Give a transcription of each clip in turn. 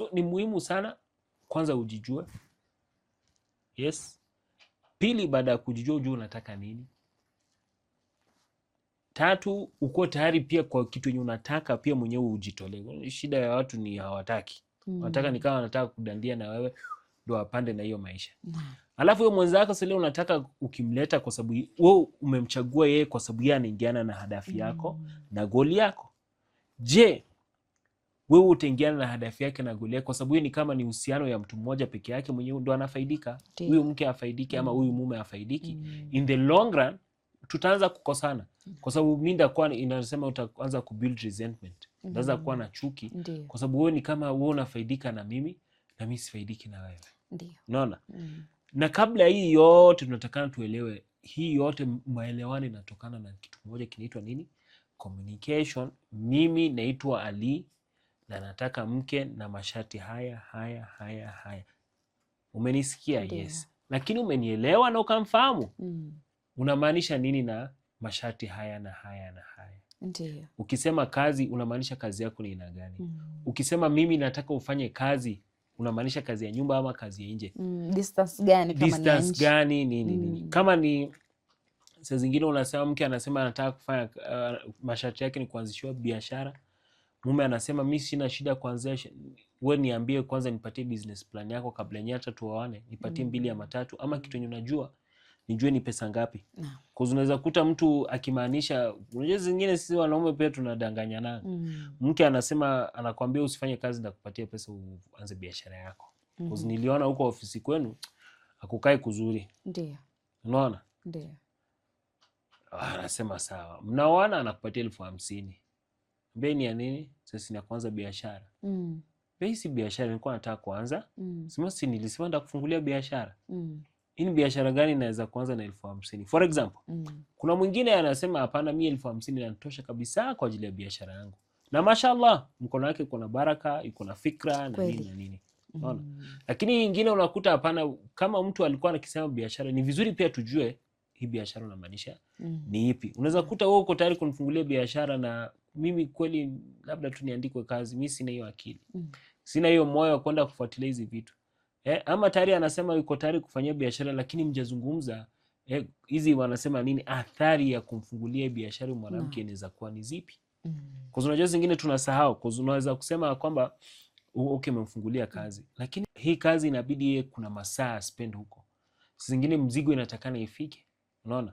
So ni muhimu sana kwanza ujijue. Yes. Pili, baada ya kujijua ujue unataka nini. Tatu, uko tayari pia kwa kitu yenye unataka pia mwenyewe ujitolee. Shida ya watu ni hawataki mm. Wanataka ni kama wanataka kudandia na wewe ndo wapande na hiyo maisha mm. Alafu huyo mwenzako sasa unataka ukimleta, kwa sababu wewe umemchagua yeye kwa sababu yeye anaingiana na hadafi yako mm. na goli yako. Je, wewe utaingiana na hadafu yake na goli yake, kwa sababu hiyo ni kama ni uhusiano ya mtu mmoja peke yake mwenyewe ndo anafaidika, huyu mke afaidiki ama huyu mume afaidiki. mm. in the long run tutaanza kukosana mm. kwa sababu mi ndakuwa inasema utaanza ku build resentment, utaanza mm. kuwa na chuki kwa sababu wewe ni kama wewe unafaidika na mimi na mimi sifaidiki na wewe, unaona mm. na kabla hii yote tunatakana tuelewe hii yote maelewano inatokana na kitu kimoja kinaitwa nini? Communication. Mimi naitwa Ali na nataka mke na masharti haya haya haya haya. Umenisikia? Ndiyo. Yes, lakini umenielewa na ukamfahamu mm. Unamaanisha nini na masharti haya na haya na haya? Ndiyo. Ukisema kazi unamaanisha kazi yako ni aina gani? mm. Ukisema mimi nataka ufanye kazi unamaanisha kazi ya nyumba ama kazi ya nje? mm. Distance gani, kama distance gani nini nini? mm. Kama ni saa zingine unasema mke anasema anataka kufanya uh, masharti yake ni kuanzishiwa biashara mume anasema mi sina shida kuanzia, we niambie kwanza, nipatie business plan yako kabla yenyewe hata tuoane, nipatie mbili ya mm-hmm. matatu ama kitu enye unajua nijue ni pesa ngapi no. Unaweza kuta mtu akimaanisha, unajua zingine sisi wanaume pia tunadanganyana mm. Mke anasema anakwambia usifanye kazi, ndakupatia pesa uanze biashara yako mm. Niliona huko ofisi kwenu akukae kuzuri, unaona, ah, anasema sawa, mnaoana anakupatia elfu hamsini beni ya nini? Sasa ni ya kuanza biashara mm. bei si biashara, nilikuwa nataka kuanza mm. sima si nilisema nataka kufungulia biashara mm. Ni biashara gani naweza kuanza na elfu hamsini for example mm. Kuna mwingine anasema hapana, mi elfu hamsini nanitosha kabisa kwa ajili ya biashara yangu, na mashallah mkono wake iko na baraka, iko na fikra na nini na nini Mm. Lakini ingine unakuta hapana, kama mtu alikuwa anakisema biashara ni vizuri pia tujue hii biashara unamaanisha mm. ni ipi? Unaweza kuta wewe uko tayari kunifungulia biashara na mimi kweli labda tu niandikwe kazi, mi sina hiyo akili mm. sina hiyo moyo wa kwenda kufuatilia hizi vitu eh, ama tayari anasema yuko tayari kufanyia biashara, lakini mjazungumza eh, hizi eh, wanasema nini, athari ya kumfungulia biashara mwanamke mm. inaweza kuwa ni zipi? mm. Unajua zingine tunasahau, unaweza kusema kwamba oh, okay, umemfungulia mm. kazi, lakini hii kazi inabidi ye, kuna masaa spend huko, zingine mzigo inatakana ifike, unaona,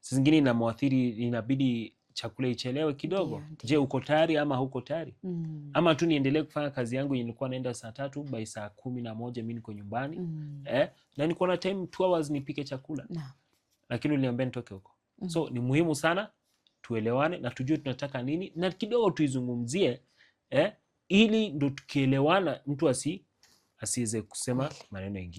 zingine inamwathiri, inabidi chakula ichelewe kidogo yeah. Je, uko tayari ama huko tayari? mm. Ama tu niendelee kufanya kazi yangu nilikuwa naenda saa tatu by saa kumi na moja mi niko nyumbani mm. eh, na nikuwa na time two hours nipike chakula no. Lakini uliniambia nitoke huko mm. So ni muhimu sana tuelewane na tujue tunataka nini na kidogo tuizungumzie eh, ili ndo tukielewana mtu asi asiweze kusema maneno mengine.